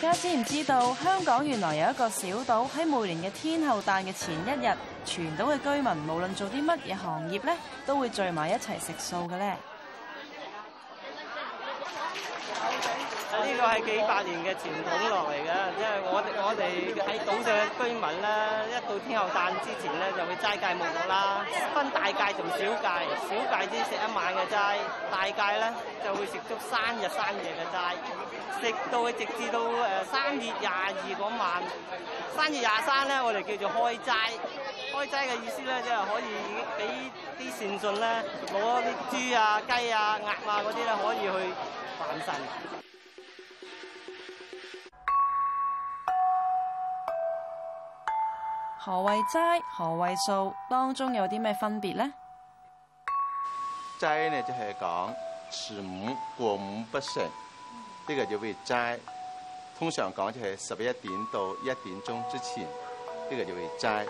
大家知唔知道香港原來有一個小島，喺每年嘅天后誕嘅前一日，全島嘅居民無論做啲乜嘢行業咧，都會聚埋一齊食素嘅咧。都係幾百年嘅傳統落嚟嘅，因為我哋我哋喺島上嘅居民咧，一到天后誕之前咧，就會齋戒沐浴啦。分大戒同小戒，小戒先食一晚嘅齋，大戒咧就會食足三日三夜嘅齋，食到佢直至到誒三月廿二嗰晚，三月廿三咧，我哋叫做開齋。開齋嘅意思咧，即係可以俾啲善信咧攞啲豬啊、雞啊、鴨啊嗰啲咧，可以去還神。何為齋？何為素？當中有啲咩分別咧？齋呢，就係講持午，過午不食，呢、這個就會齋。通常講就係十一點到一點鐘之前，呢、這個就會齋。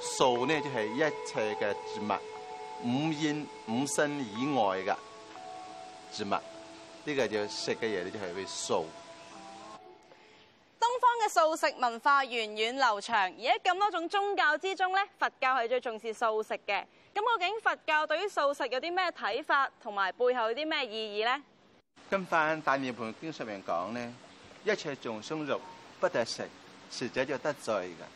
素呢，就係、是、一切嘅植物，五陰五身以外嘅植物，呢、這個就食嘅嘢呢就係會素。素食文化源遠流長，而喺咁多種宗教之中咧，佛教係最重視素食嘅。咁究竟佛教對於素食有啲咩睇法，同埋背後有啲咩意義咧？跟返大般涅槃經上面講咧，一切眾生肉不得食，食者就得罪噶。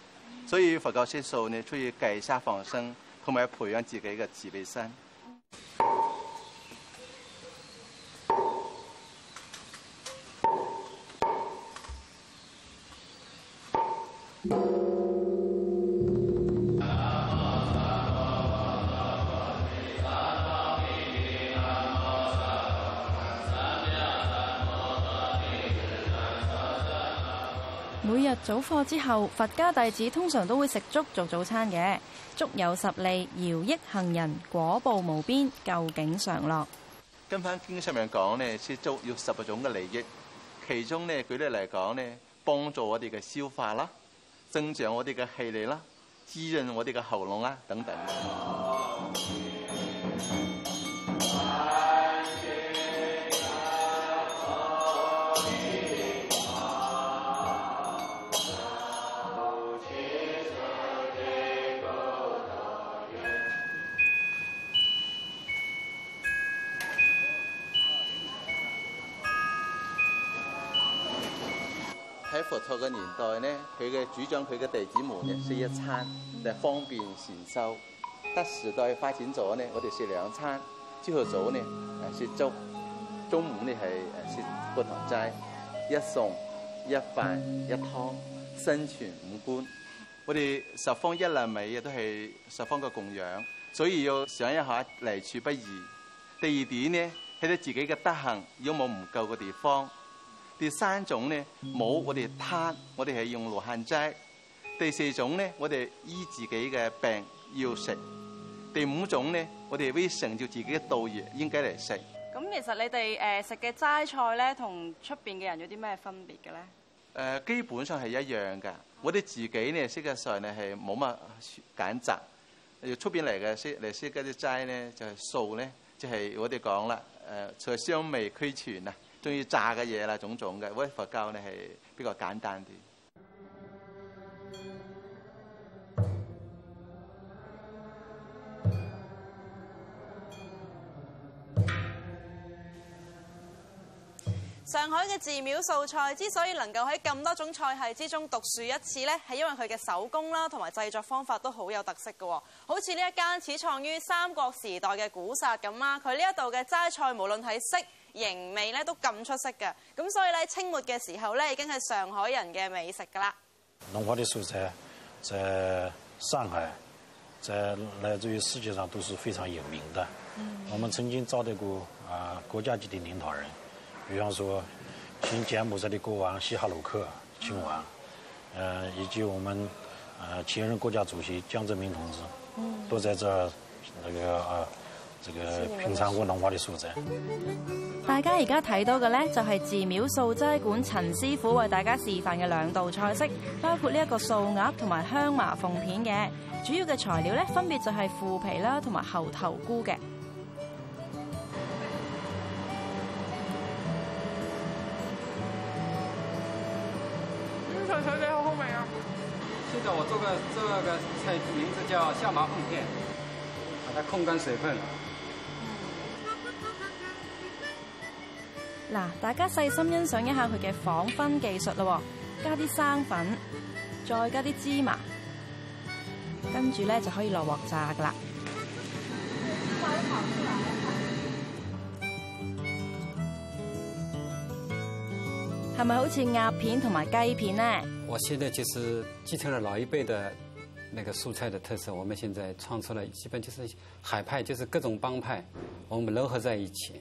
所以佛教食素呢，出於戒殺放生，同埋培養自己嘅慈悲心。嗯每日早課之後，佛家弟子通常都會食粥做早餐嘅。粥有十利，饒益行人，果報無邊，究竟常樂。跟返經上面講呢，吃粥要十個種嘅利益，其中呢舉例嚟講呢，幫助我哋嘅消化啦。增長我哋嘅氣力啦，滋潤我哋嘅喉嚨啦，等等。啊佛陀嘅年代咧，佢嘅主張，佢嘅弟子們咧食一餐，就方便禪修。得時代發展咗咧，我哋食兩餐，朝頭早咧誒食粥，中午咧係誒食過堂齋，一餸一飯一湯，身存五觀。我哋十方一粒米都係十方嘅供養，所以要想一下來處不易。第二點咧，睇你自己嘅德行有冇唔夠嘅地方？第三種咧冇我哋攤，我哋係用羅漢齋。第四種咧，我哋醫自己嘅病要食。第五種咧，我哋會成就自己嘅道業應該嚟食。咁其實你哋誒、呃、食嘅齋菜咧，同出邊嘅人有啲咩分別嘅咧？誒、呃，基本上係一樣噶。我哋自己咧，實際上咧係冇乜揀擇。誒，出邊嚟嘅嚟食嘅啲齋咧，就係、是、素咧，即係我哋講啦，就菜香味俱全啊！中意炸嘅嘢啦，種種嘅。喂，佛教咧係比較簡單啲。上海嘅寺廟素菜之所以能夠喺咁多種菜系之中獨樹一幟，呢係因為佢嘅手工啦，同埋製作方法都好有特色嘅。好似呢一間始創於三國時代嘅古剎咁啦，佢呢一道嘅齋菜無論係色仍味咧都咁出色嘅，咁所以咧清末嘅時候咧已經係上海人嘅美食㗎啦。龍華的素材在上海，在來自於世界上都是非常有名的。嗯。我們曾經招待過啊、呃、國家級的領導人，比方說前柬埔寨的國王西哈努克親王、呃，以及我們啊前任國家主席江澤民同志，都在這那、這個啊。呃這個平常古農話的素質。大家而家睇到嘅呢，就係、是、寺廟素齋館陳師傅為大家示範嘅兩道菜式，包括呢一個素鴨同埋香麻鳳片嘅。主要嘅材料呢，分別就係腐皮啦，同埋猴頭菇嘅。嗯，泉水嘅好好味啊！現在我做嘅這個菜名字叫香麻鳳片，把它控乾水分。嗱，大家細心欣賞一下佢嘅仿葷技術咯，加啲生粉，再加啲芝麻，跟住咧就可以落鑊炸㗎喇。係咪好似鴨片同埋雞片呢？我現在就是繼承了老一輩的那個素菜的特色，我們現在創出來基本就是海派，就是各種幫派，我們融合在一起。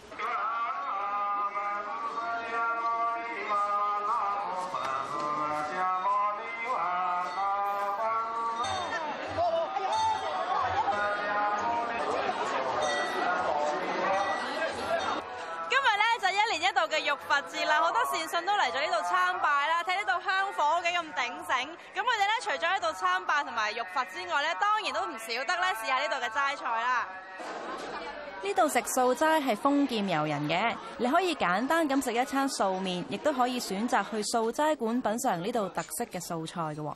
佛寺啦，好多善信都嚟咗呢度參拜啦，睇呢度香火幾咁鼎盛。咁佢哋咧，除咗喺度參拜同埋浴佛之外咧，當然都唔少得咧，試下呢度嘅齋菜啦。呢度食素齋係豐儉由人嘅，你可以簡單咁食一餐素麵，亦都可以選擇去素齋館品嚐呢度特色嘅素菜嘅喎。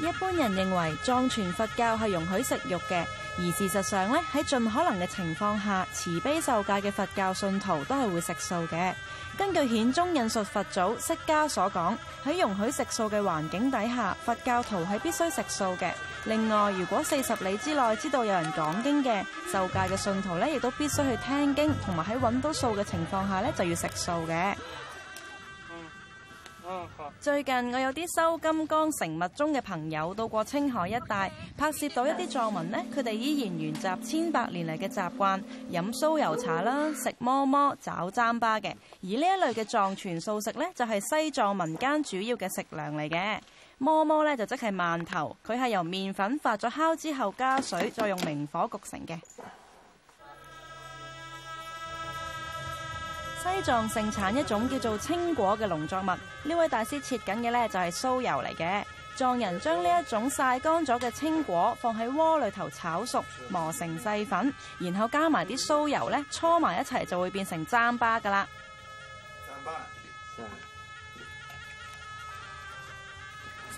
一般人認為藏傳佛教係容許食肉嘅，而事實上咧喺盡可能嘅情況下，慈悲受戒嘅佛教信徒都係會食素嘅。根據顯宗引述佛祖釋迦所講，喺容許食素嘅環境底下，佛教徒係必須食素嘅。另外，如果四十里之內知道有人講經嘅受戒嘅信徒咧，亦都必須去聽經，同埋喺搵到素嘅情況下咧，就要食素嘅。最近我有啲收金剛成物中嘅朋友到過青海一帶，拍攝到一啲藏民呢，佢哋依然沿襲千百年嚟嘅習慣，飲酥油茶啦，食饃饃、炒糌粑嘅。而呢一類嘅藏傳素食呢，就係西藏民間主要嘅食糧嚟嘅。饃饃呢，就即係饅頭，佢係由麵粉發咗酵之後加水，再用明火焗成嘅。西藏盛產一種叫做青果嘅農作物，呢位大師切緊嘅呢，就係酥油嚟嘅。藏人將呢一種曬乾咗嘅青果放喺鍋裏頭炒熟，磨成細粉，然後加埋啲酥油呢搓埋一齊，就會變成糌粑㗎喇。糌粑。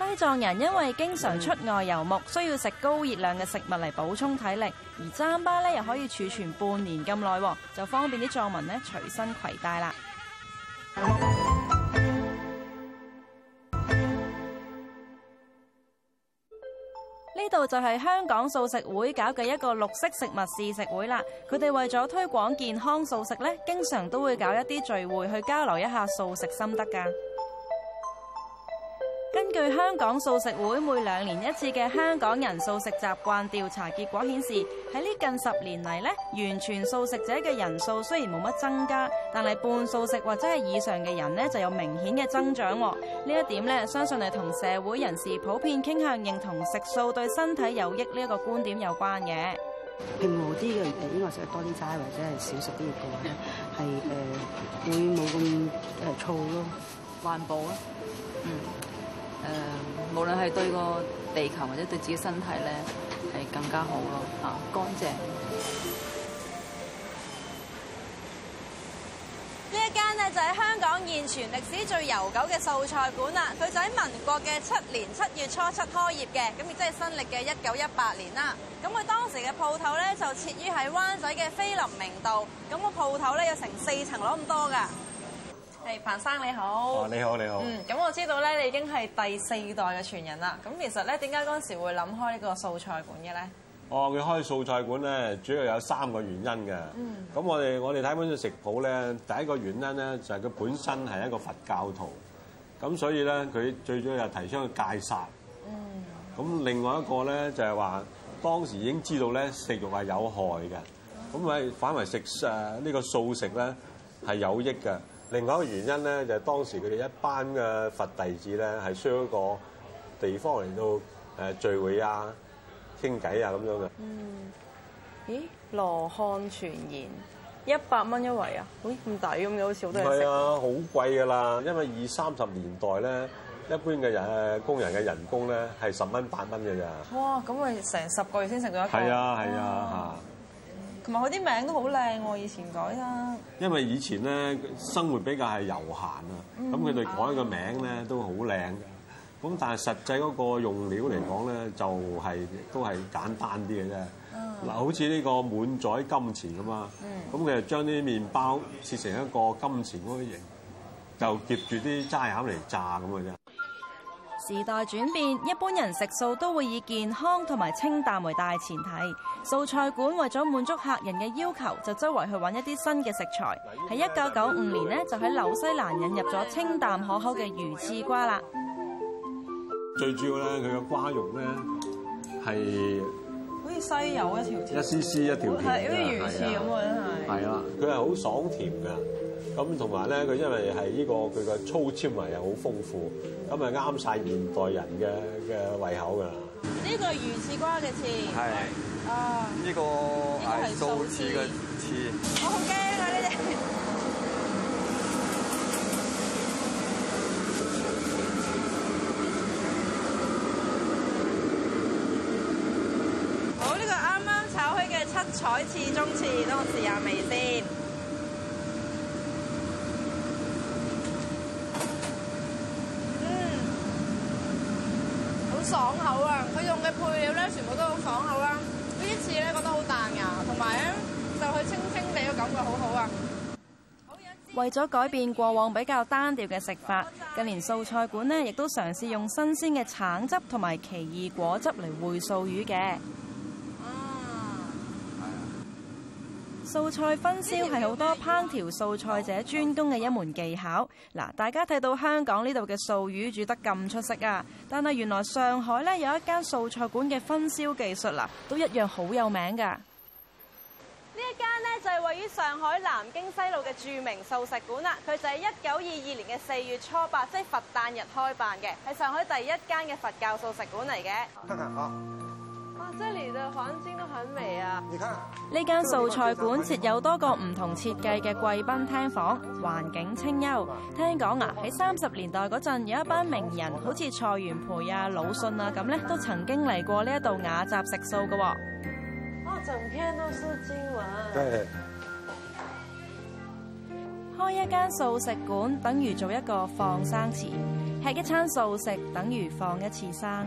西藏人因為經常出外游牧，需要食高熱量嘅食物嚟補充體力，而糌粑咧又可以儲存半年咁耐，就方便啲藏民咧隨身攜帶啦。呢度就係香港素食會搞嘅一個綠色食物試食會啦。佢哋為咗推廣健康素食咧，經常都會搞一啲聚會去交流一下素食心得噶。根據香港素食會每兩年一次嘅香港人素食習慣調查結果顯示，喺呢近十年嚟咧，完全素食者嘅人數雖然冇乜增加，但係半素食或者係以上嘅人呢就有明顯嘅增長。呢一點呢，相信係同社會人士普遍傾向認同食素對身體有益呢一個觀點有關嘅。平和啲嘅，應該食多啲齋或者係少食啲嘢嘅話，係誒會冇咁誒燥咯。環保啊，嗯。誒，無論係對個地球或者對自己身體咧，係更加好咯嚇，乾淨。呢一間呢，就喺香港現存歷史最悠久嘅素菜館啦，佢就喺民國嘅七年七月初七開業嘅，咁亦即係新歷嘅一九一八年啦。咁佢當時嘅鋪頭咧就設於喺灣仔嘅菲林明道，咁個鋪頭咧有成四層樓咁多㗎。彭生你好，你好。你好，你好。嗯，咁我知道咧，你已經係第四代嘅傳人啦。咁其實咧，點解嗰時會諗開呢個素菜館嘅咧？哦，佢開素菜館咧，主要有三個原因嘅。嗯。咁我哋我哋睇本食譜咧，第一個原因咧就係佢本身係一個佛教徒，咁所以咧佢最主要就提倡去戒殺。嗯。咁另外一個咧就係話，當時已經知道咧食肉係有害嘅，咁咪反為食呢、呢個素食咧係有益嘅。另外一個原因咧，就係當時佢哋一班嘅佛弟子咧，係需要一個地方嚟到誒聚會啊、傾偈啊咁樣嘅。嗯。咦？羅漢傳言一百蚊一位啊？咦，咁抵咁嘅，好似好多嘢食。唔係啊，好貴嘅啦，因為二三十年代咧，一般嘅人，誒工人嘅人工咧係十蚊八蚊嘅咋。哇！咁咪成十個月先食到一個。係啊，係啊。哇係啊。唔係，佢啲名都好靚喎，以前改啦。因為以前咧生活比較係悠閒啊，咁佢哋改個名咧都好靚。咁、嗯、但係實際嗰個用料嚟講咧，就係、嗯、都係簡單啲嘅啫。嗱、嗯，好似呢個滿載金錢咁嘛，咁佢就將啲麵包切成一個金錢嗰啲形，就夾住啲齋餡嚟炸咁嘅啫。時代轉變，一般人食素都會以健康同埋清淡為大前提。素菜館為咗滿足客人嘅要求，就周圍去揾一啲新嘅食材。喺一九九五年呢，嗯、就喺紐西蘭引入咗清淡可口嘅魚翅瓜啦。最主要咧，佢嘅瓜肉咧係，好似西柚一條條，一絲絲，一條條，好似魚翅咁樣！真係。係啦，佢係好爽甜嘅，咁同埋咧，佢因為係呢個佢嘅粗纖維又好豐富，咁係啱晒現代人嘅嘅胃口㗎。呢個魚翅瓜嘅翅係啊，呢個呢個係素翅嘅翅。彩翅中翅，等我試下味先。嗯，好爽口啊！佢用嘅配料咧，全部都好爽口啊！這次呢次咧覺得好彈牙，同埋咧就去清清哋嘅感覺好好啊。為咗改變過往比較單調嘅食法，近年素菜館呢，亦都嘗試用新鮮嘅橙汁同埋奇異果汁嚟燴素魚嘅。素菜分銷係好多烹調素菜者專攻嘅一門技巧。嗱，大家睇到香港呢度嘅素魚煮得咁出色啊，但係原來上海呢有一間素菜館嘅分銷技術啦，都一樣好有名噶。呢一間呢就係位於上海南京西路嘅著名素食館啦，佢就係一九二二年嘅四月初八，即佛誕日開辦嘅，係上海第一間嘅佛教素食館嚟嘅。哇、哦，這裏的環境都很美啊！你看呢間素菜館設有多個唔同設計嘅貴賓廳房，啊、環境清幽。聽講啊，喺三十年代嗰陣，有一班名人好似蔡元培啊、魯迅啊咁咧、啊，都曾經嚟過呢一度雅集食素嘅。哦，啊、整天都是精華。對，開一間素食館等於做一個放生池，吃一餐素食等於放一次生。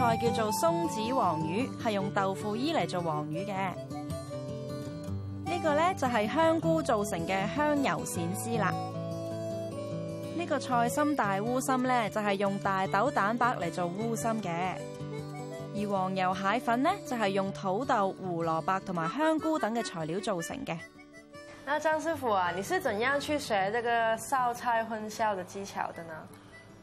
菜叫做松子黃魚，係用豆腐衣嚟做黃魚嘅。呢個呢，就係香菇做成嘅香油鱔絲啦。呢個菜心大烏心呢，就係用大豆蛋白嚟做烏心嘅，而黃油蟹粉呢，就係用土豆、胡蘿蔔同埋香菇等嘅材料做成嘅。那張師傅啊，你是怎樣去學呢個燒菜混淆的技巧的呢？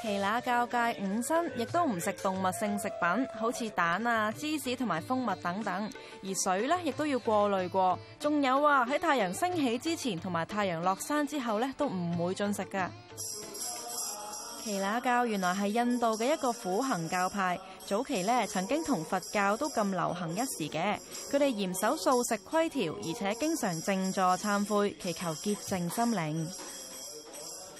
耆那教戒五辛，亦都唔食動物性食品，好似蛋啊、芝士同埋蜂蜜等等。而水呢亦都要過濾過。仲有啊，喺太陽升起之前同埋太陽落山之後呢，都唔會進食㗎。耆那教原來係印度嘅一個苦行教派，早期呢曾經同佛教都咁流行一時嘅。佢哋嚴守素食規條，而且經常靜坐懺悔，祈求潔淨心靈。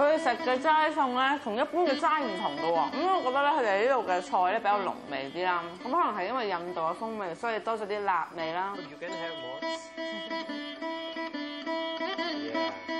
佢食嘅齋餸咧，同一般嘅齋唔同㗎喎，咁我覺得咧，佢哋呢度嘅菜咧比較濃味啲啦，咁可能係因為印度嘅風味，所以多咗啲辣味啦。